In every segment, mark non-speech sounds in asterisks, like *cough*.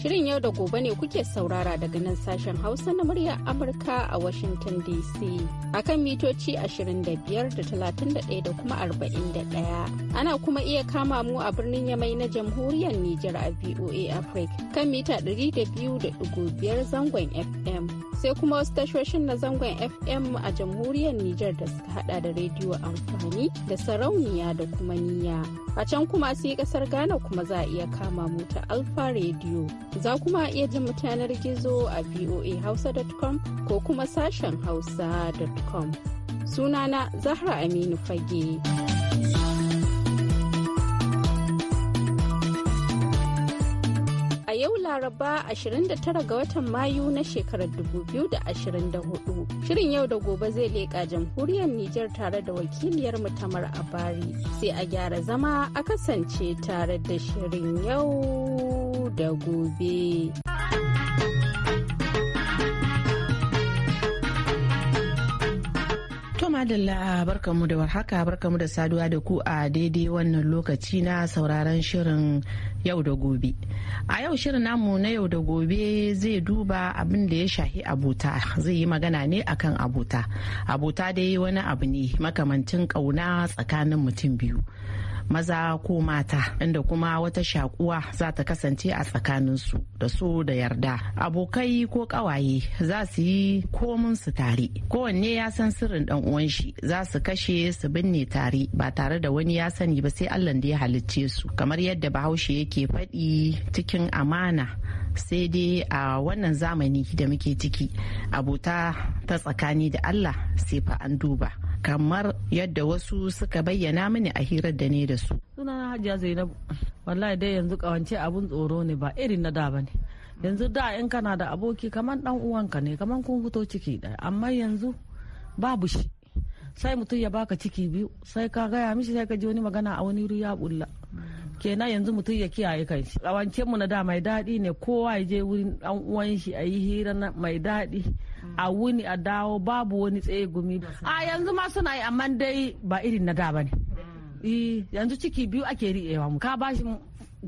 Shirin yau da gobe ne kuke saurara daga nan sashen Hausa na muryar Amurka a Washington DC akan mitoci 25 da 31 da kuma 41. Ana kuma iya kama mu a birnin Yamai na Jamhuriyar Nijar a VOA Africa kan mita 200.5 zangon FM. sai kuma wasu tashoshin na zangon fm a jamhuriyar niger da suka hada da rediyo amfani da sarauniya da kuma niya a can kuma yi kasar ghana kuma za a iya kama mu ta alfa rediyo za kuma iya jin mutanar gizo a voa hausa.com ko kuma sashen hausa.com sunana zahra aminu fage. Laraba 29 ga watan Mayu na shekarar 2024. Shirin yau da gobe zai leƙa jamhuriyar Nijar tare da wakiliyar Tamar Abari. Sai a gyara zama a kasance tare da shirin yau da gobe. madalla ah, barkanmu da warhaka barkanmu da saduwa da ku a daidai wannan lokaci na sauraron shirin yau da gobe. A yau shirin namu na yau da gobe zai duba abin da ya shahi abota zai yi magana ne akan abota. Abota dai wani abu ne makamancin kauna tsakanin mutum biyu. maza ko mata inda kuma wata shakuwa za ta kasance a tsakaninsu da su da yarda abokai ko kawaye za su yi komin su tare kowanne ya san sirrin dan uwan shi za su kashe su binne tare ba tare da wani ya sani ba sai allah da ya halicce su kamar yadda bahaushe yake faɗi cikin amana sai dai a wannan zamani da muke ciki abota ta tsakani da allah sai fa an duba kamar yadda wasu suka bayyana mini a hirar da ne da su sunana hajiya zainabu wallahi dai yanzu kawance abun tsoro ne ba irin na da ba ne yanzu da in kana da aboki kamar dan uwanka ne kamar kun fito ciki daya amma yanzu babu shi sai mutum ya baka ciki biyu sai ka gaya mishi sai ka ji wani magana a wani ya bulla kenan yanzu mutum ya kiyaye kanshi rawancen mu na da mai daɗi ne kowa ya je wurin dan uwan shi a yi hira mai daɗi a wuni a dawo babu wani tsaye gumi a yanzu ma suna yi amma dai ba irin na da ba ne e, yanzu ciki biyu ake riƙewa mu ka bashi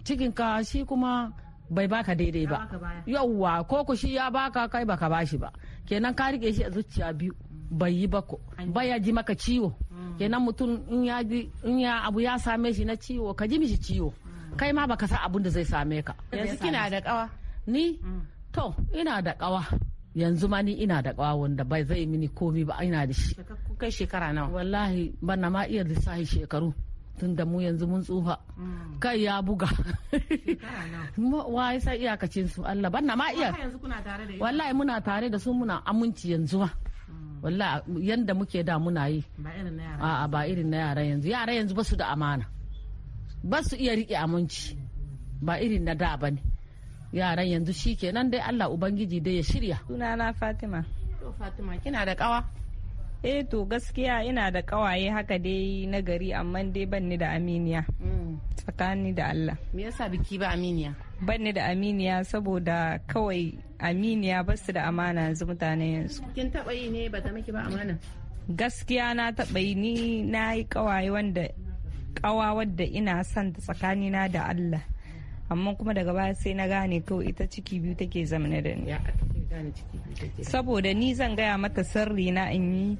cikin ka shi kuma bai baka daidai ba yauwa ko ku shi ya baka kai baka bashi ba kenan ka rike shi a zuciya biyu bai yi ba ko baya ji maka ciwo mm. kenan mutum in ya abu ya same shi na ciwo ka ji mishi ciwo mm. kai ma baka san abun da zai same ka yanzu kina da kawa ni mm. to ina da kawa yanzu ma ni ina da kawa wanda bai zai mini komi ba ina da shi kai shekara nawa wallahi bana ma iya lissafi shekaru tun da mu yanzu mun tsufa kai ya buga wai *laughs* sai iyakacin su Allah banna ma iya wallahi muna tare da su muna aminci yanzu ma wallah yanda muke da muna yi a'a ba irin na yara yanzu yara yanzu basu da amana ba su iya riƙe aminci ba irin na da ba ne yaran yanzu shi ke nan dai allah ubangiji dai ya shirya sunana fatima to fatima kina da kawa eh to gaskiya ina da kawaye haka dai na gari amma dai ban ni da aminiya mm. tsakani da allah me yasa biki ba aminiya banne da aminiya saboda kawai aminiya ba su da amana yanzu mutane yanzu kin taba yi ne ba ta miki ba amana gaskiya na taba yi ni na yi kawaye wanda kawa wadda ina son ta tsakanina da Allah amma kuma daga baya sai na gane kawai ita ciki biyu take zamane da ni saboda ni zan gaya mata sirri na in yi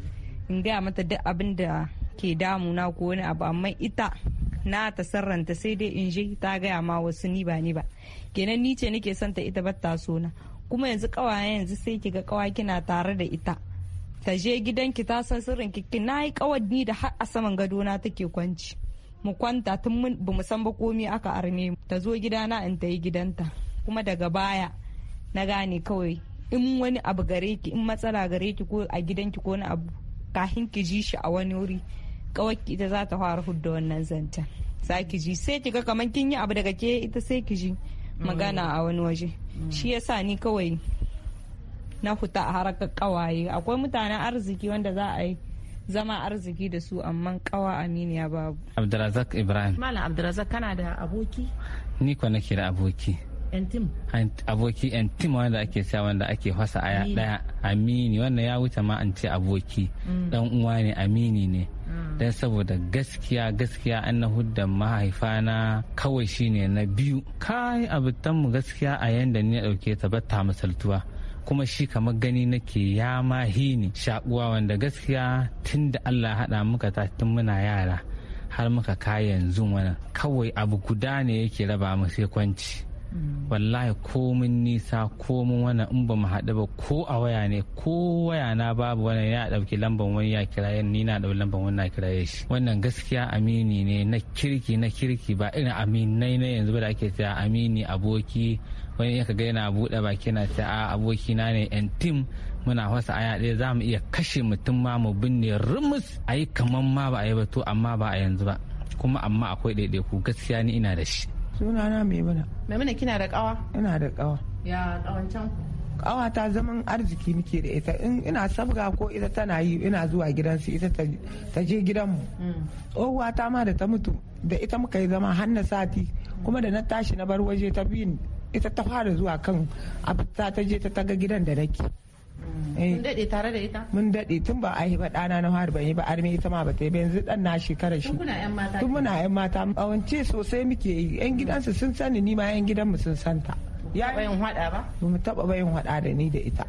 in gaya mata duk abin da ke damuna ko wani abu amma ita na ta sarranta sai dai in je ta gaya ma wasu ni ba ni ba kenan ni ce nake son ta ita ba ta so kuma yanzu kawaye yanzu sai kiga kawa kina tare da ita ta je gidanki ta san sirrin ki na yi kawar ni da har a saman gado na take kwanci mu kwanta tun ba mu san ba komai aka arme mu ta zo gidana in ta yi gidanta kuma daga baya na gane kawai in wani abu gare ki in matsala gare ki ko a gidanki ko na abu kahin ki ji shi a wani wuri kawai ita za ta fara hudu wannan zancen za ki ji sai ki ga kamar kin yi abu daga ke ita sai ki ji magana a wani waje shi yasa ni kawai na huta a harkar kawaye akwai mutanen arziki wanda za a yi zama arziki da su amma kawa aminiya babu abdurazak ibrahim malam kana da aboki ni nake da aboki yan aboki yan tim wanda ake sa wanda ake fasa aya daya amini wannan ya wuce ma an ce aboki mm. dan uwa ne amini ne mm. dan saboda gaskiya gaskiya an na hudda mahaifana kawai shine na biyu kai abutan mu gaskiya a yanda ne dauke ta batta misaltuwa kuma shi kamar gani nake ya mahi ne shakuwa wanda gaskiya tun da allah haɗa muka ta tun muna yara har muka ka yanzu wannan kawai abu guda ne yake raba mu sai kwanci Mm. wallahi komin nisa komin wani in ba mu haɗu ba ko a waya ne ko waya na babu wani ya ɗauki lamban wani ya kiraye ni na ɗauki lamban wani na kiraye shi wannan gaskiya amini ne na kirki na kirki ba irin aminai na yanzu ba da ake cewa amini aboki wani ya ga yana buɗe baki na ce a abokina ne yan tim muna wasa aya ɗaya za mu iya kashe mutum ma mu binne rumus a yi kaman ma ba a yi ba to amma ba a yanzu ba kuma amma akwai ɗaiɗaiku gaskiya ni ina da shi suna na maimuna maimuna kina da kawa ina da kawa ya kawa ta zaman arziki muke da ita in ina sabga ko ita tana yi ina zuwa gidansu ita ta je gidanmu mm. tsohuwa ta ma da ta mutu da ita muka yi zama har sati kuma da na tashi na bar waje ta biyu ita ta fara zuwa kan abu ta je ta taga gidan da nake Eh. Mun daɗe tare da ita? Mun daɗe tun ba a yi ba ɗana na har ban yi ba arme ita ma ba ta yi ba yanzu ɗan na shekara shi. Tun muna 'yan mata? Tun muna 'yan mata. sosai muke yi 'yan gidansu sun sani ni ma 'yan gidanmu sun santa. ya ba yin hada ba ba mu taɓa yin hada da ni da ita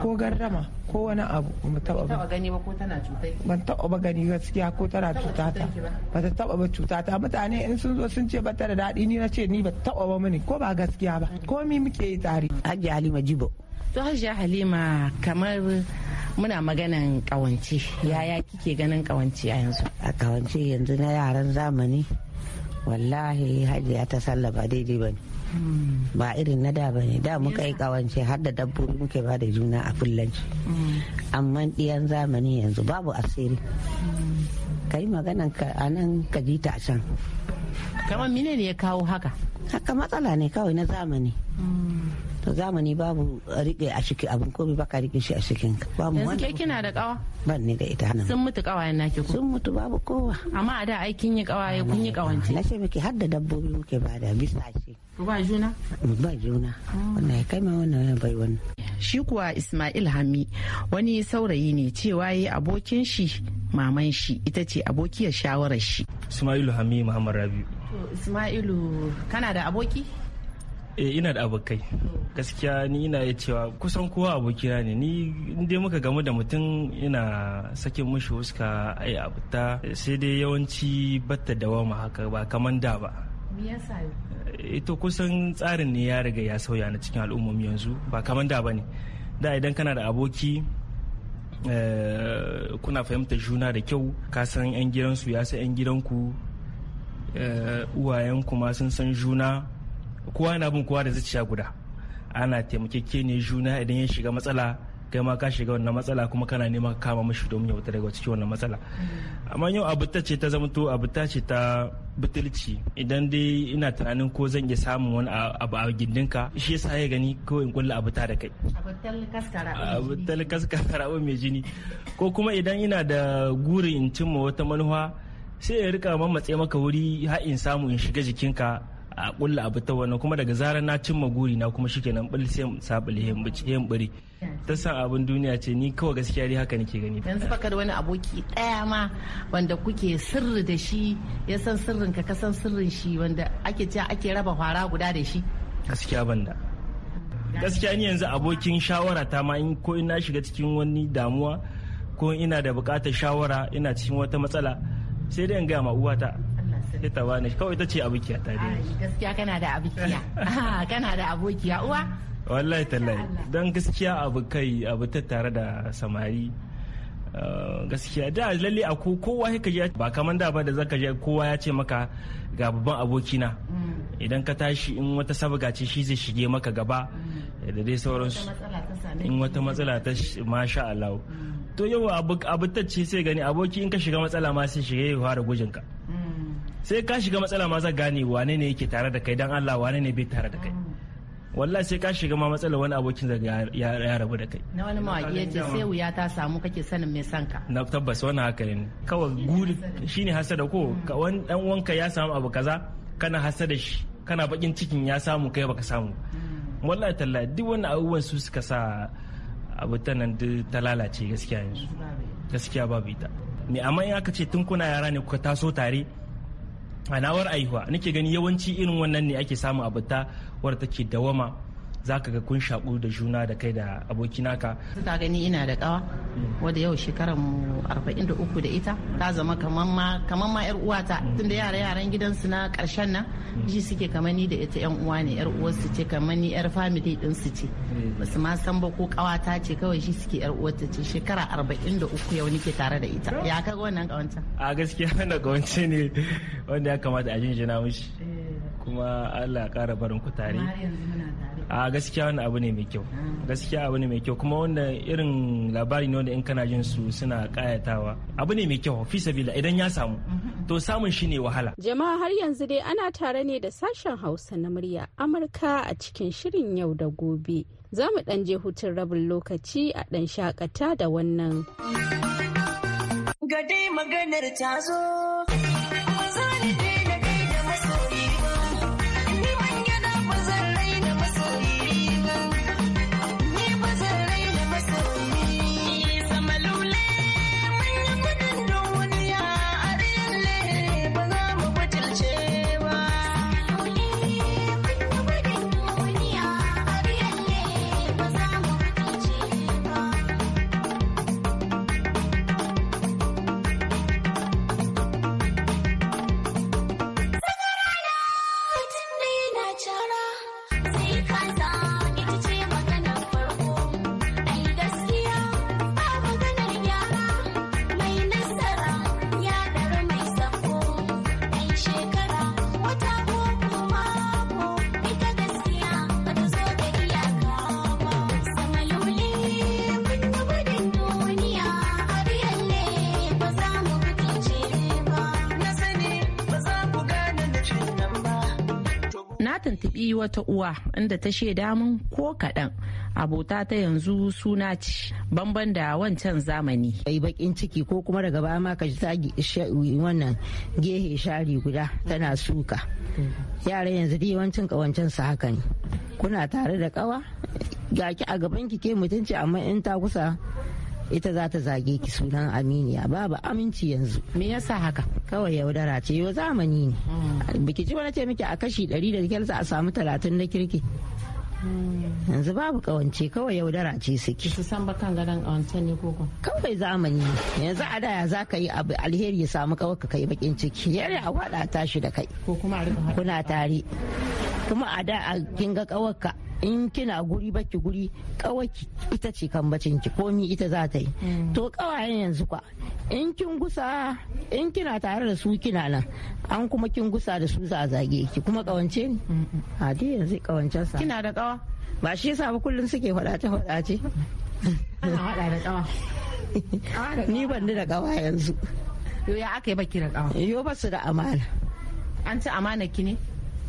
ko gardama ko wani abu ba mu taɓa ba gani ba ko tana cutai ban taɓa ba gani gaskiya ko tana cutata ba ta taɓa ba cutata mutane in sun zo sun ce ba ta da daɗi ni na ce ni ba taɓa ba mini ko ba gaskiya ba mm. komi muke yi tare hajji halima jibo to hajiya halima kamar muna maganan kawance yaya kike ganin kawance a yanzu a kawance yanzu na yaran zamani wallahi hajiya ta sallaba daidai ba ne hmm. ba irin na da bane da muka yi kawance har da dabbobi muke ba da juna a fullanci hmm. amma ɗiyan zamani yanzu babu asiri hmm. ka yi maganan ka a nan ka ji ta can kamar mine ne ya kawo haka haka matsala ne kawai na zamani to zamani babu rike a ciki abin komai baka rike shi a cikin ka babu wani ke kina da kawa ban ne da ita nan sun mutu kawayen naki ku sun mutu babu kowa amma a da aikin yi kawaye kun yi kawance na ce miki har da dabbobi muke bada bisa ce ba juna ba juna wannan ya kai ma wannan bai wannan shi kuwa Ismail Hami wani saurayi ne cewa yi abokin shi maman shi ita ce abokiyar shawarar shi Ismail Hami Muhammad Rabiu Ismailu kana da aboki? Eh ina da abokai. Gaskiya ni ina yi cewa kusan kowa abokina ne. Ni inda muka gamu da mutum ina sakin mushi huska ai abuta sai dai yawanci batta wama haka ba kaman da ba. Me ito eh, kusan tsarin ne ya riga ya sauya na cikin al'ummomi yanzu ba kaman da ba ne. Da idan kana da aboki eh, kuna fahimta juna da kyau ka san 'yan gidansu ya san 'yan gidanku Eh, uwayen kuma sun san juna kowa yana bin kowa da zuciya guda ana taimakeke ne juna idan ya shiga matsala kai ma ka shiga wannan matsala kuma kana nema kama mashi domin ya fita daga cikin wannan matsala amma yau abu ta ce ta to abu ta ce ta butulci idan dai ina tunanin ko zan iya samun wani abu a gindinka shi yasa ya gani ko in kulla abu ta da kai abu tal kaskara mai jini ko kuma idan ina da guri in cimma wata manufa sai ya rika mamatse maka wuri ha'in samu in shiga jikinka a kulla abu ta wannan kuma daga zarar na cimma guri na kuma shikenan bil sai sabili yin bari ta san abin duniya ce ni kawai gaskiya dai haka nake gani yanzu baka da wani aboki daya ma wanda kuke sirri da shi ya san sirrin ka ka san sirrin shi wanda ake cewa ake raba fara guda da shi gaskiya banda gaskiya ni yanzu abokin shawara ta ma in ko ina shiga cikin wani damuwa ko ina da bukatar shawara ina cikin wata matsala sai dai in gaya ma uwata ita ba ne kawai ita ce abokiya ta dai gaskiya kana da abokiya *laughs* kana da abokiya uwa wallahi tallahi don gaskiya abu kai abu ta tare da samari eh, gaskiya da lalle a kowa ya kaji ba kamar da ba da zaka je kowa ya ce maka ga babban abokina mm. idan ka tashi in wata sabga ce shi zai shige maka gaba mm. da dai sauransu in wata matsala ta masha Allah mm. to yau ce sai gani aboki in ka shiga matsala ma sai shiga ya fara gujin ka sai ka shiga matsala ma zan gane wane ne yake tare da kai dan Allah wane ne bai tare da kai wallahi sai ka shiga ma matsala wani abokin da ya rabu da kai na wani mawaki ya ce sai wuya ta samu kake sanin mai san ka na tabbas wannan haka ne kawai guri shine hasada ko hmm. ka wani dan wanka ya samu abu kaza kana hasada shi kana bakin cikin ya samu kai baka samu hmm. wallahi tallahi duk wani abubuwan su suka sa abu nan nan ta lalace gaskiya yanzu gaskiya babu ita me amma in aka ce tun kuna yara ne kuka taso tare a nawar aihuwa nake gani yawanci irin wannan ne ake samu abu ta wadda take dawama za ka ga kun shaƙu da juna da kai da aboki naka. ta gani ina da ƙawa wadda yau shekarar mu arba'in da uku da ita ta zama kamar ma yar uwata tunda yara yaran gidansu na ƙarshen nan ji suke kamar ni da ita yan uwa ne yar uwarsu ce kamar ni yar family din su ce basu ma san ba ko ƙawata ce kawai shi suke yar uwarta ce shekara arba'in da uku yau nake tare da ita ya ka ga wannan ƙawanta. A gaskiya wannan ƙawance ne wanda ya kamata a jinjina mishi eh. kuma Allah ƙara barin ku tare. a gaskiya wani abu ne mai kyau gaskiya abu ne mai kyau kuma wanda irin labari ne wanda in kana jin su suna kayatawa abu ne mai kyau fi sabila idan ya samu to samun shi ne wahala jama'a har yanzu dai ana tare ne da sashen hausa na murya amurka a cikin shirin yau da gobe za mu dan je hutun rabin lokaci a dan shakata da wannan gade maganar ta zo tuntuɓi wata uwa inda ta shaida mun ko kaɗan abota ta yanzu suna ci banban da wancan zamani. Kai bakin ciki ko kuma daga baya ma ka ji wannan gehe shari guda tana suka. yara yanzu dai yawancin kawancen su haka ne. Kuna tare da kawa? Gaki a gaban ki ke mutunci amma in ta kusa ita za ta zage ki sunan aminiya babu aminci yanzu me yasa haka kawai yaudara ce yau zamani ne hmm. biki ji wani ce miki a kashi 100 da kyalsa a samu 30 na kirki hmm. yanzu babu kawance kawai yaudara ce suke su san ba kan gadon kawance ne koko kawai zamani ne yanzu a daya za ka yi abu alheri ya samu kawai ka kai bakin ciki yare a wada tashi da kai ko kuma a kuna tare kuma a da a kinga kawaka in kina guri baki guri kawaki ita ce kan bacin ki komi ita za ta yi mm. to kawayen yanzu kwa in kin gusa in kina tare da su kina nan an kuma kin gusa da su za a zage ki kuma kawance ne a dai yanzu kawancen sa kina da kawa ba shi yasa ba kullum suke faɗace faɗace ana faɗa da kawa ni ban da kawa yanzu yo ya aka yi baki da kawa yo ba su da amana an ci amana ki ne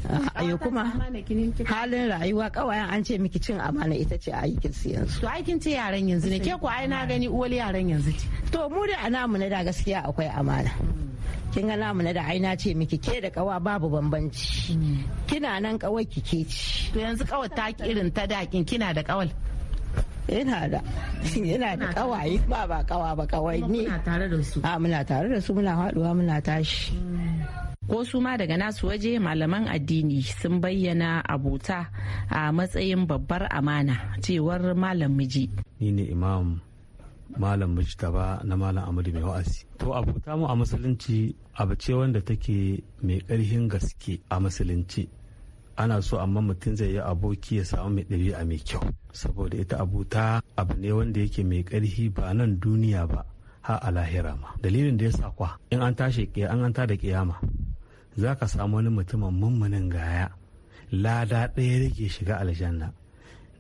ayo kuma halin rayuwa kawayen an ce miki cin amana ita ce aikin su yanzu to aikin ce yaran yanzu ne ke ku ai na gani uwal yaran yanzu ce to mu da ana mu na da gaskiya akwai amana kin ga namu na da aina ce miki ke da kawa babu bambanci kina nan kawai ki ke ci to yanzu kawai ta irin ta dakin kina da kawal yana da ina da kawaye ba ba kawa ba kawai ne muna tare da su muna haduwa muna tashi mm. ko su ma daga nasu waje malaman addini sun bayyana abota a matsayin babbar amana cewar malam miji ni ne imam malam miji ba na malam amadu mai wa'azi to abota mu a musulunci abu ce wanda take mai karhin gaske a musulunci ana so amma mutum zai yi aboki ya samu mai ɗabi'a mai kyau saboda ita abuta abu ne wanda yake mai ƙarfi ba nan duniya ba har a lahira ma dalilin da ya sa kwa in an tashi an an da kiyama za ka samu wani mutumin mummunin gaya lada ɗaya rage shiga aljanna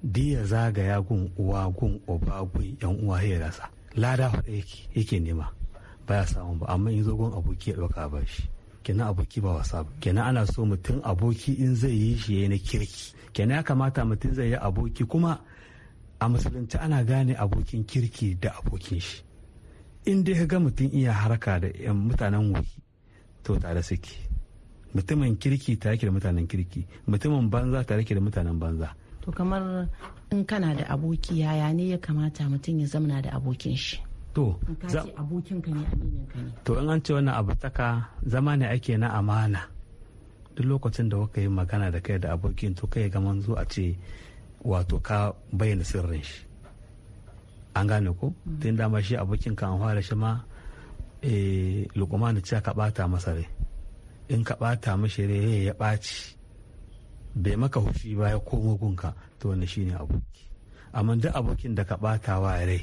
diya zagaya gun uwa gun uba gun yan uwa ya rasa lada faɗa yake nema ba ya samu ba amma in zo gun aboki ya ɗauka ba shi kenan aboki ba wasa ba kenan ana so mutum aboki in zai yi shi yayi na kirki kenan ya kamata mutum zai yi aboki kuma a musulunci ana gane abokin kirki da abokin shi in dai ka ga mutum iya harka da mutanen wuri to tare suke mutumin kirki ta yake da mutanen kirki mutumin banza ta yake da mutanen banza to kamar in kana da aboki yaya ne ya kamata mutum ya zamana da abokin shi to abokin ka ne aminin ka ne to in an ce wannan abu taka zama ne ake na amana duk lokacin da kuka yi magana da kai da abokin to kai ga manzo a ce wato ka bayyana sirrin shi an gane ko mm. tun dama shi abokin ka an fara shi ma eh, lukuma da ka bata masa rai in ka ɓata mashi raye ya ɓaci bai maka hushi ba ya komo gunka to shi shine aboki amma duk abokin da ka ɓata wa rai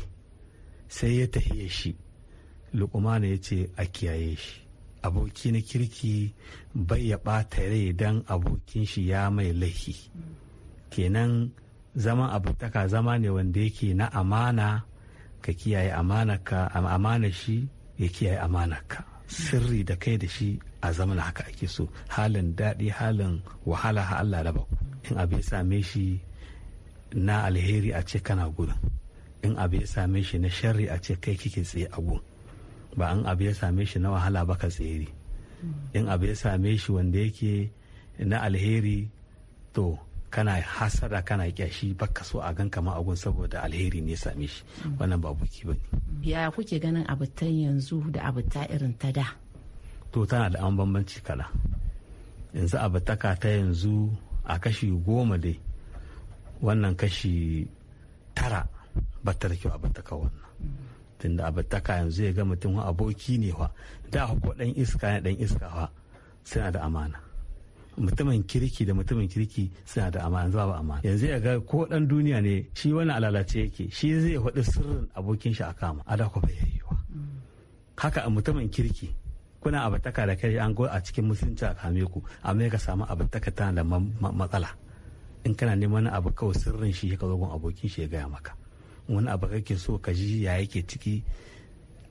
sai ya tahiye shi lukumana ya ce a kiyaye shi aboki na kirki bai ya ɓata rai don abokin shi ya mai laihi kenan zama abutaka zama ne wanda yake na amana ka kiyaye amana shi ya kiyaye amana ka sirri da kai da shi a zaman haka ake so halin daɗi halin wahala ha Allah raba in abu ya same shi na alheri a ce kana gudun in abu ya same shi na sharri a ce kai kike tsaye a gun ba in abu ya same shi na wahala ba ka tsere in abu ya same shi wanda yake na alheri to kana hasada kana kyashi baka so a gan kama agun saboda alheri ne same shi wannan ba buki bane yaya kuke ganin abutan yanzu da abuta irin ta da to tana da an bambanci kala yanzu a bataka ta yanzu a kashi goma dai wannan kashi tara ba da kyau a bataka wannan tunda a taka yanzu ya ga mutum aboki ne wa da ko dan iska ne dan iska wa suna da amana mutumin kirki da mutumin kirki suna da amana yanzu ba amana yanzu ya ga ko dan duniya ne shi wani alalace yake shi zai faɗi sirrin abokin shi a kama a da ko yi wa haka mutumin kirki kuna abataka da kai an go a cikin musulunci a kame ku amma ka samu abataka tana da matsala in kana neman abu kawai sirrin shi ka zo abokin shi ya gaya maka wani abu kake so ka ji ya yake ciki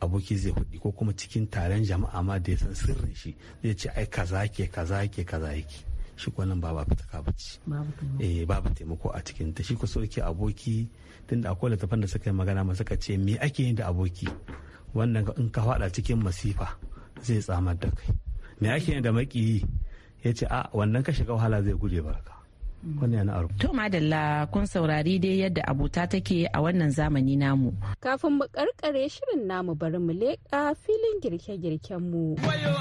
aboki zai hudi ko kuma cikin taron jama'a ma da ya san sirrin shi zai ce ai kaza ke kaza ke kaza yake shi ko nan ba fitaka ba ci eh babu taimako a cikin ta shi ko so yake aboki tunda akwai littafan da suka yi magana ma suka ce me ake yin da aboki wannan in ka fada cikin masifa zai tsamar da kai me ake da maki ya ce a wannan ka shiga wahala zai guje barka yana to madalla kun saurari dai yadda abota take a wannan zamani namu kafin mu karkare shirin namu bari mu leƙa filin girke-girken mu wayo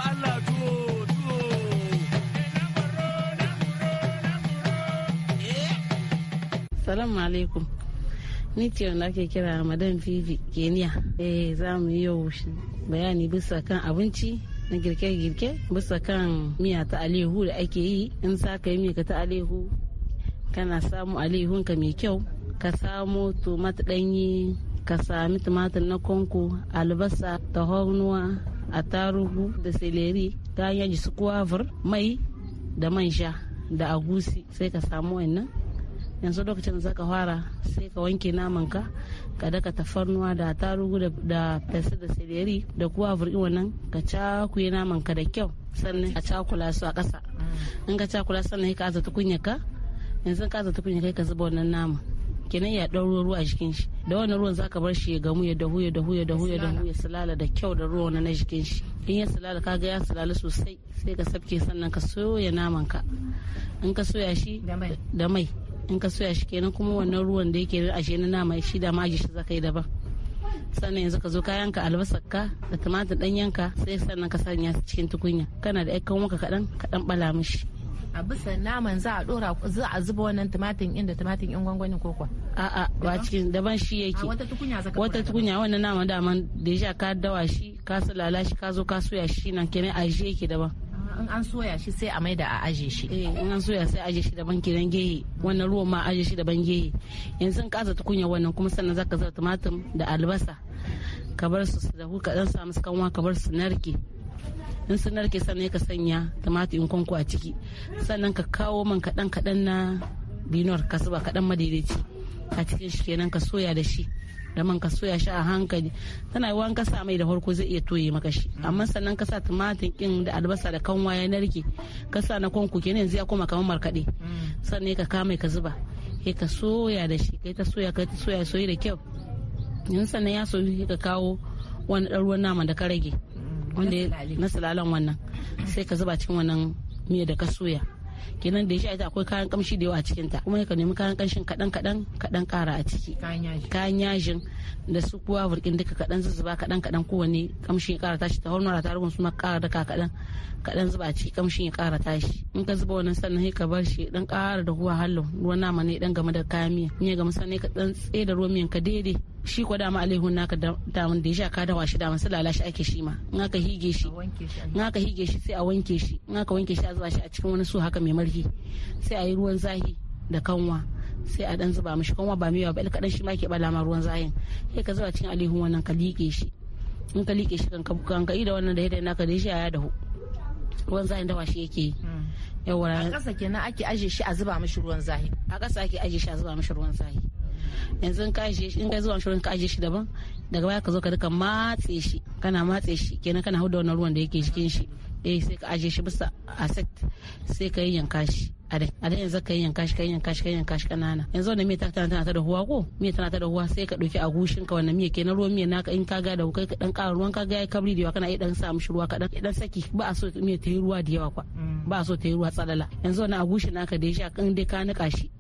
Salamu alaikum. ni ce wanda ake kira madan vivi Kenya. eh za mu yi yau bayani bisa kan abinci na girke-girke bisa kan miya ta alihu da ake yi in sa ka yi ta alihu kana samu ka mai kyau ka samu tomat danyi ka sami tumatir na konko albasa ta tahornuwa attarugu da seleri ta yaji su mai da man sha da agusi sai ka samu wannan yanzu lokacin da zaka fara sai ka wanke naman ka ka daka tafarnuwa da tarugu da fesa da sireri da kuwa vurgi wannan ka cakuye naman ka da kyau sannan a cakula su a kasa. Mm. in ka cakula sannan ka aza tukunya ka yanzu ka aza tukunya kai ka zuba wannan naman kenan ya ɗauro ruwa a jikin shi da wannan ruwan zaka bar shi ya gamu ya dahu ya dahu ya dahu ya dahu ya sulala da kyau da ruwan na jikin shi in ya sulala ga ya sulala sosai sai ka sabke sannan ka soya naman ka in ka soya shi da mai in ka soya shi kenan kuma wannan ruwan da yake ashe na nama shi da ma shi ka yi daban sannan yanzu ka zo ka yanka albasar ka da tumatir dan yanka sai sannan ka sanya su cikin tukunya kana da aikan wanka kaɗan kaɗan bala mishi a bisa naman za a dora za a zuba wannan tumatin inda tumatir in gwangwani ko kuwa a'a ba cikin daban shi yake wata tukunya za ka wata tukunya wannan naman daman da ya ka dawa shi ka sulala shi ka zo ka soya shi nan kenan a shi yake daban in an soya shi sai a maida a aje shi eh in an soya sai aje shi daban gidan gehe wannan ruwan ma aje shi daban gehe yanzu in kasa tukunya wannan kuma sannan zaka zuba tumatir da albasa ka bar su su dahu ka dan sa musu kanwa ka bar su narke in su narke sannan ka sanya tumatir in kwanko a ciki sannan ka kawo man kadan kadan na binor ka zuba kadan madaidaici a cikin shi kenan ka soya da shi da man ka soya shi a hankali tana yawan ka sa mai da farko zai iya toye maka shi mm. amma sannan ka sa tumatir kin da albasa da kanwa ya narke ka sa na kwanku kenan zai koma kamar markaɗe mm. sannan ka kama ka zuba sai ka soya da shi kai ta soya kai ta soya soyi da kyau yin sannan ya soyu ka kawo wani ɗan ruwan nama da ka rage mm. wanda na salalan wannan sai ka zuba cikin wannan miya da ka soya kenan da ya sha ita akwai kayan kamshi da yawa a cikin ta kuma ka nemi kayan kamshin kadan kadan kadan kara a ciki kayan yajin da su kuwa burkin duka kadan zuzzuba kadan kadan kowanne kamshi ya kara tashi ta hormona ta rubun su ma kara daka kadan kaɗan zuba ci kamshin ya ƙara tashi in ka zuba wannan sannan sai ka bar shi dan ƙara da ruwa hallo ruwan nama ne dan game da kayan miya in ya gama sannan ka dan tsaye da ruwan miyan ka daidai shi ko dama alaihun naka da mun da ya sha ka dawa shi mun sai lalashi ake shi ma in aka hige shi in aka hige shi sai a wanke shi in aka wanke shi a zuba shi a cikin wani su haka mai marhi sai a yi ruwan zahi da kanwa sai a dan zuba mishi kanwa ba mai yawa ba kadan shi ma ke bala ma ruwan zahin sai ka zuba cikin alaihun wannan ka liƙe shi in ka liƙe shi kan ka da wannan da ya naka da ya sha ya dahu ruwan zahin da washe yake yi hmm. yawa a ƙasa kenan ake aje shi a zuba mashi ruwan zahi a ƙasa ake aje shi a zuba mashi ruwan zahi hmm. yanzu in ka aje shi in ka zuba mishi ruwan ka aje shi daban daga baya ka zo ka duka matse shi kana matse shi kenan kana hudu wannan ruwan da yake cikin shi eh sai ka aje shi bisa set sai ka yanka shi a dai a dai yanzu kai yanka shi kai yanka shi kai yanka shi kanana yanzu wannan miya ta tana ta da huwa ko miya tana ta da huwa sai ka dauki agushin ka wannan miya kenan ruwan miya naka in ka ga da kai ka dan ƙara ruwan ka ga ya kabri da yawa kana iya dan sa mishi ruwa kadan dan saki ba a so miya ta yi ruwa da yawa kwa ba a so ta yi ruwa tsalala yanzu wannan agushin naka da ya sha kan dai ka nika shi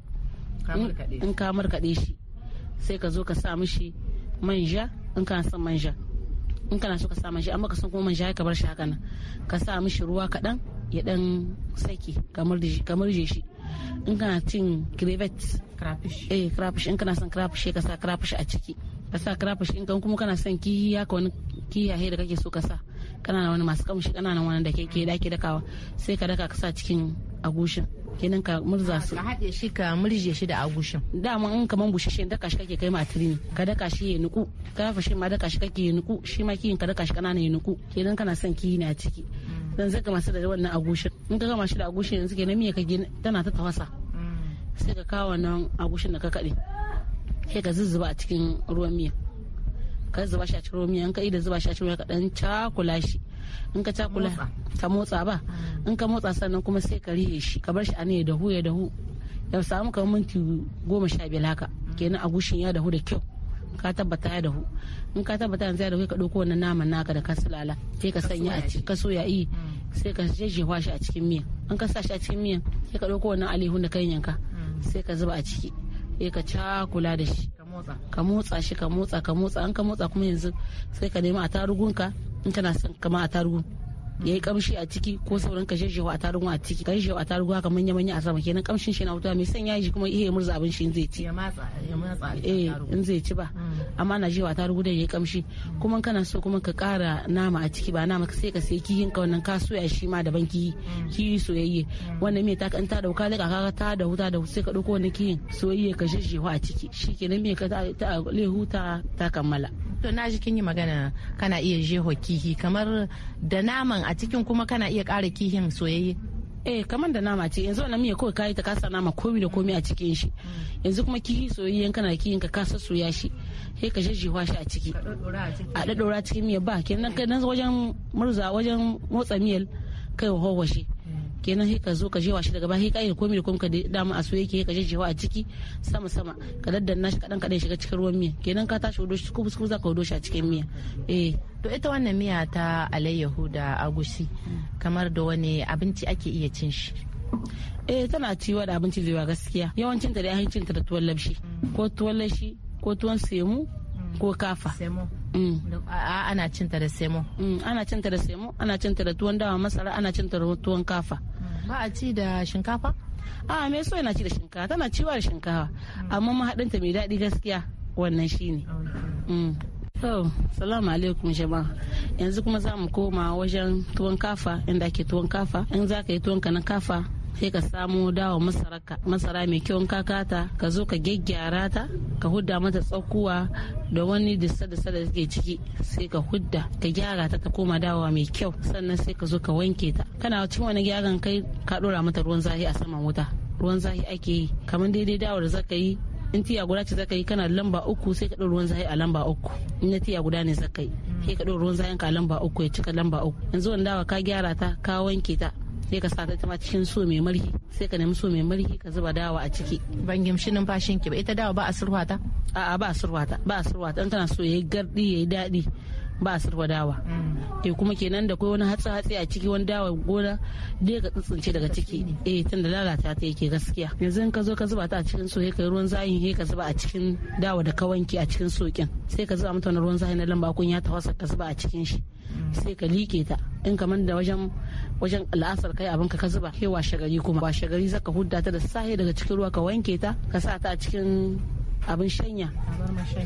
in ka markaɗe shi sai ka zo ka sa mishi manja in ka san manja in kana so ka sa shi amma ka san kuma manja ka bar shi haka nan ka sa mishi ruwa kaɗan ya ɗan saki ka murje shi in kana cin crevet eh crayfish in kana son crayfish ka sa crayfish a ciki ka sa crayfish in kan kuma kana son kihi ka wani kiyaye da kake so ka sa kana wani masu kamshi kana wani da ke dake dakawa sai ka daka ka sa cikin agushin kenan ka murza su ka haɗe shi ka murje shi da agushin dama in kaman bushashe daka shi kake kai matri ne ka daka shi ya nuku ka fashe ma daka shi kake ya nuku shi ma kiyin ka daka shi kanana ya nuku kenan kana son kiyi na ciki dan mm. zai gama da wannan agushin in ka gama shi da agushin yanzu kenan miya ka tana ta tafasa mm. sai ka kawo wannan agushin da ka kade sai ka zuzzuba a cikin ruwan miya ka zuba shi a cikin ruwan miya in ka ida zuba shi a cikin ruwan ka dan cakula shi in ka cakula ka motsa ba mm. in ka motsa sannan kuma sai ka rihe shi ka bar shi a ne dahu ya dahu ya samu kamar minti goma sha biyar haka mm. kenan a gushin ya dahu da kyau ka tabbata ya dahu in ka tabbata yanzu ya dahu ka ɗauko wannan naman naka da ka sulala sai ka sanya a ciki ka soya yi eh. mm. sai ka jejjewa shi a cikin miyan in ka sa shi a cikin miyan sai ka ɗauko wannan alihun da kan yanka sai ka zuba a ciki sai ka cakula da shi ka motsa shi ka motsa ka motsa an ka motsa kuma yanzu sai ka nemi a tarugunka in tana son kama a tarugu ya yi kamshi a ciki ko sauran ka jejjewa a tarugu a ciki ka jejjewa a tarugu haka manya manya a sama kenan kamshin shi na wuta mai sanya shi kuma iya murza abin shi in zai ci ya matsa ya matsa eh in zai ci ba mm. amma na jewa a tarugu da ya yi kamshi kuma kana so kuma ka kara nama a ciki ba nama ka sai ka sai kihin ka wannan ka soya shi ma daban kihi mm. kihi soyayye mm. wannan mai ta kan ta dauka lika ka ta da huta da sai ka dauko wannan kihin soyayye ka jejjewa a ciki shi kenan mai ka ta lehuta ta kammala to na ji kin yi magana kana iya jeho kihi kamar da naman a cikin kuma kana iya ƙara kihin soyayye eh kamar da nama ce yanzu wannan miya kawai kayi ta kasa nama komi da komi a cikin shi yanzu kuma kihi soyayye kana kihin ka kasa soya shi sai ka jajjewa shi a ciki a daddora cikin miya ba kenan kai nan wajen murza wajen motsa miyal kai wa shi kenan sai ka zo ka jewa shi daga baya sai ka komai da komai ka dama a so yake ka jejjewa a ciki sama sama ka daddan nashi kadan kadan shiga cikin ruwan miya kenan ka tashi wudo shi kuma za ka wudo shi a cikin miya eh to ita wannan miya ta alayyahu da agushi kamar da wani abinci ake iya cin shi eh tana ciwa da abinci zai yawa gaskiya yawancin ta da abincin ta da tuwon labshi ko tuwon ko tuwon semu ko kafa mm. ana cinta da semo mm, ana cinta da semo ana cinta da tuwon dawa masara ana cinta da tuwon kafa mm. ba a ci da shinkafa a me so yana ci da shinkafa tana ciwa da shinkafa amma ta mai daɗi gaskiya wannan shine so salamu alaikum jama'a. Yanzu kuma za mu koma wajen tuwon kafa inda ake tuwon kafa. In za ka yi tuwon ka na kafa sai ka samu dawa masara mai kyau kakata ka zo ka gyaggyara ta ka hudda mata tsakuwa da wani dissa da da take ciki sai ka hudda ka gyara ta ta koma dawa mai kyau sannan sai ka zo ka wanke ta kana cikin wani gyaran kai ka dora mata ruwan zahi a saman wuta ruwan zahi ake yi kamar daidai dawar zaka yi in tiya guda ce zaka yi kana lamba uku sai ka ɗau ruwan zahi a lamba uku in na tiya guda ne zaka yi sai ka ɗau ruwan zahi ka lamba uku ya cika lamba uku yanzu wani dawa ka gyara ta ka wanke ta sai ka sata ta cikin so mai mulki sai ka nemi so mai mulki ka zuba dawa a ciki ban gimshi numfashin ki ba ita dawa ba a surwata a'a ba a surwata ba a surwata in tana so yayi gardi yayi daɗi ba a surwa dawa mm. eh kuma kenan da kai wani hatsi hatsi a ciki wani dawa gona dai ka tsintsince daga ciki eh tun da lalata ta yake gaskiya yanzu in ka zo ka zuba ta a cikin so ka ruwan zahi sai ka zuba a cikin dawa da ka wanke a cikin sokin sai ka zuba mata ruwan zahi na lamba kun ya tafasa ka zuba a cikin shi mm. sai ka like ta in kamar da wajen wajen la'asar kai abin ka ka zuba ke washe gari kuma washegari gari zaka hudda ta da sahi daga cikin ruwa ka wanke ta ka sa ta a cikin abin shanya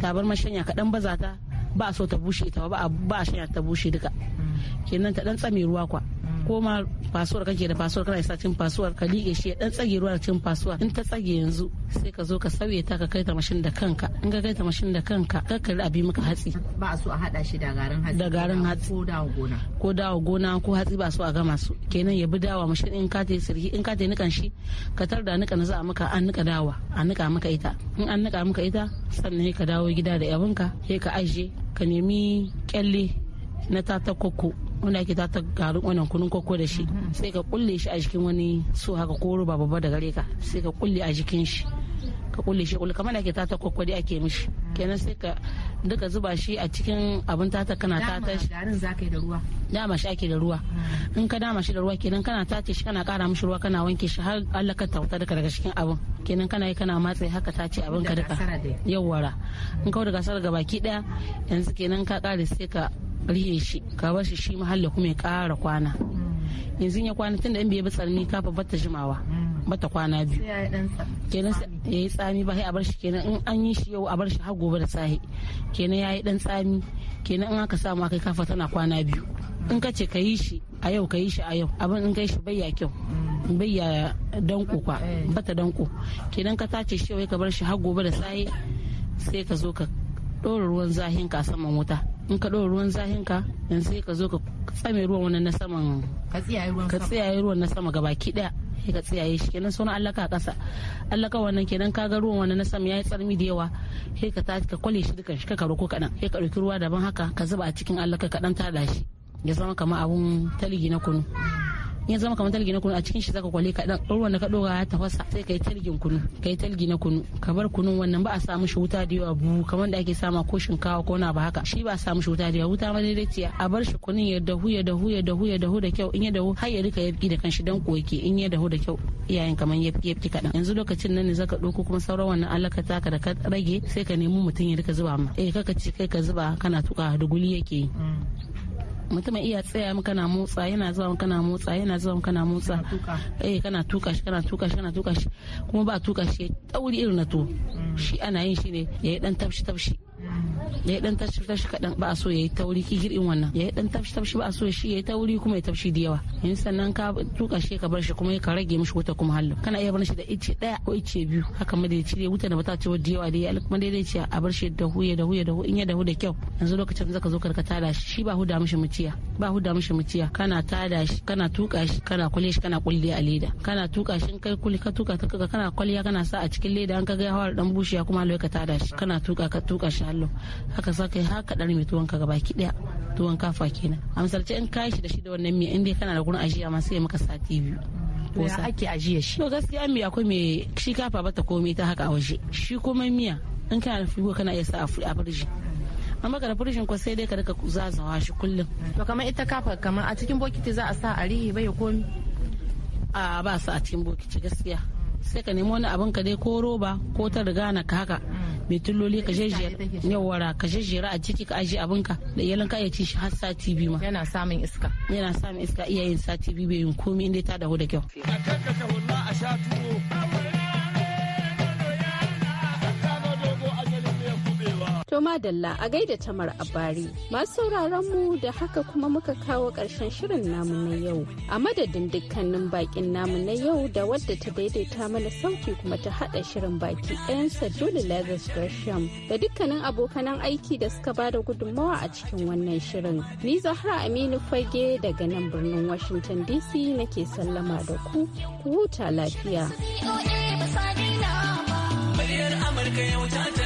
tabar mashanya ka dan baza ta ba so ta bushe ta ba a shanya ta bushe duka mm. kenan ta dan tsame ruwa kwa mm. koma fasuwar kake da fasuwar kana isa cin fasuwar ka liƙe shi ya dan tsage ruwa cin fasuwar in ta tsage yanzu sai ka zo ka sauye ta ka kai ta mashin da kanka in ka kai ta mashin da kanka kar ka abi maka hatsi ba a so a hada shi da garin hatsi da garin hatsi ko dawo gona ko dawo gona ko hatsi ba so a gama su kenan ya bi dawa mashin in ka ta sirhi in ka ta nikan shi ka tar da nikan za a maka an nika dawa a nika maka ita in an nika maka ita sannan ka dawo gida da yabinka sai ka aje ka nemi kyalle na tatakoko wanda ake ta garin wannan kunun koko da shi mhm. sai ka kulle shi a jikin wani so haka ko roba babba da gare ka sai ka kulle a jikin shi ka kulle shi kulle kamar ake ta ta kokko ake mishi mhm. kenan sai ka duka zuba shi a cikin abin tata kana tata shi garin zakai da ruwa dama shi ake da ruwa hmm. in ka dama shi da ruwa kenan kana tace shi kana kara mishi ruwa kana wanke shi har Allah ka tauta daga daga cikin abin kenan kana yi kana matsayi haka tace abin ka duka yawwara in ka daga sarar gabaki daya yanzu kenan ka kare sai ka rihe shi ka bar shi shi mahalla kuma ya kara kwana hmm. yanzu ya kwana tunda in bai bi tsarni ka babbar ta jimawa hmm. mata kwana biyu kenan ya yi tsami ba sai a bar shi kenan in an yi shi yau a bar shi har gobe da sahi kenan ya yi dan tsami kenan in aka samu aka kafa tana kwana biyu in ka ce ka yi shi a yau ka yi shi a yau abin in ka yi shi bai ya kyau mm. bai ya danko kwa eh. bata danko kenan ka tace shi yau ka bar shi har gobe da sahi sai ka zo ka ɗora ruwan zahin ka saman wuta in ka ɗora ruwan zahin ka yanzu ka zo ka tsame ruwan wani na saman ka tsiyaye ruwan na sama gabaki daya sai ka tsiyaye shi kenan sauran allaka kasa allaka wannan kenan ka ga ruwan wani na sama ya yi tsarmi da yawa sai ka ta ka kwale shi dukan shi ka karo ko kadan sai ka dauki ruwa daban haka ka zuba a cikin allaka kadan tada shi ya zama kamar abun taligi na kunu in zama kamar talgi na kunu a cikin shi zaka kwale kaɗan ruwan da ka ɗora ya tafasa sai ka yi talgin kunu ka yi talgi na kunu ka bar kunun wannan ba a samu shi wuta da yawa bu kamar da ake sama ko shinkawa ko na ba haka shi ba a samu shi wuta da yawa wuta ma ciya a bar shi kunun ya dahu ya dahu ya dahu ya dahu da kyau in ya dahu har ya rika yabki da kanshi dan ke in ya dahu da kyau iyayen kamar yabki yabki kaɗan yanzu lokacin nan ne zaka ɗauko kuma sauran wannan alaka ka da ka rage sai ka nemi mutum ya rika zuba ma eh kaka ce kai ka zuba kana tuka da guli yake yi mm. mutumin iya tsaya maka na motsa yana zuwa maka na motsa yana zuwa maka na motsa eh kana tuka shi kana tuka shi kana tuka shi kuma ba tuka shi tauri irin na to mm. shi ana yin shi ne ya yi dan tafshi tafshi ya dan tafshi tafshi kadan ba a so ya yi tauri ki girin wannan ya dan tafshi tafshi ba a so shi ya yi tauri kuma ya tafshi da yawa in sannan ka tuka shi ka bar shi kuma ka rage mishi wuta kuma hallo kana iya bar shi da ice daya ko ice biyu haka ma da ya cire wuta da ba ta ci da yawa da ya kuma daidai ce a bar shi da huye da huye da in ya dahu da kyau yanzu lokacin zaka zo karka tada shi shi ba huda mishi muciya ba huda mishi muciya kana tada shi kana tuka shi kana kulle shi kana kulle a leda kana tuka shi kai kulle ka tuka ta kana kwalliya kana sa a cikin leda an kaga ya hawar dan bushiya kuma hallo ka tada shi kana tuka ka tuka shi hallo kullum haka sa kai haka dar mai tuwon ka gaba ki daya tuwon kafa kenan a misalce in kashi da shi da wannan mai inda kana da gurin ajiya ma sai maka sati biyu ya ake ajiya shi to gaskiya mai akwai mai shi kafa bata komai ta haka a waje shi kuma miya in kana da figo kana iya sa a firji amma ka da ko sai dai ka rika zazawa shi kullum to kamar ita kafa kamar a cikin bokiti za a sa a rihi bai komi a ba su a cikin bokiti gaskiya sai ka nemi wani abin ka dai ko roba ko ta riga na ka haka mm. mai tulloli ka jejjera yawara ka jejjera a ciki ka aji abin ka da iyalan ka iya ci shi har sati biyu ma yana samun iska yana samun iska iyayen sati biyu bai yin komai inda ta dahu da kyau a sha tuwo To madalla a gaida tamar bari masu sauraron mu da haka kuma muka kawo ƙarshen shirin namu na yau. A madadin dukkanin bakin namu na yau da wadda ta daidaita mana sauki kuma ta haɗa shirin baki ɗayansa Julie Leathers Gresham da dukkanin abokanan aiki da suka bada gudummawa a cikin wannan shirin. Ni Zahra Aminu Fage daga nan birnin Washington DC nake sallama da ku, ku huta lafiya. Amurka yau ta